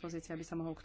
dispozícii, aby sa mohol k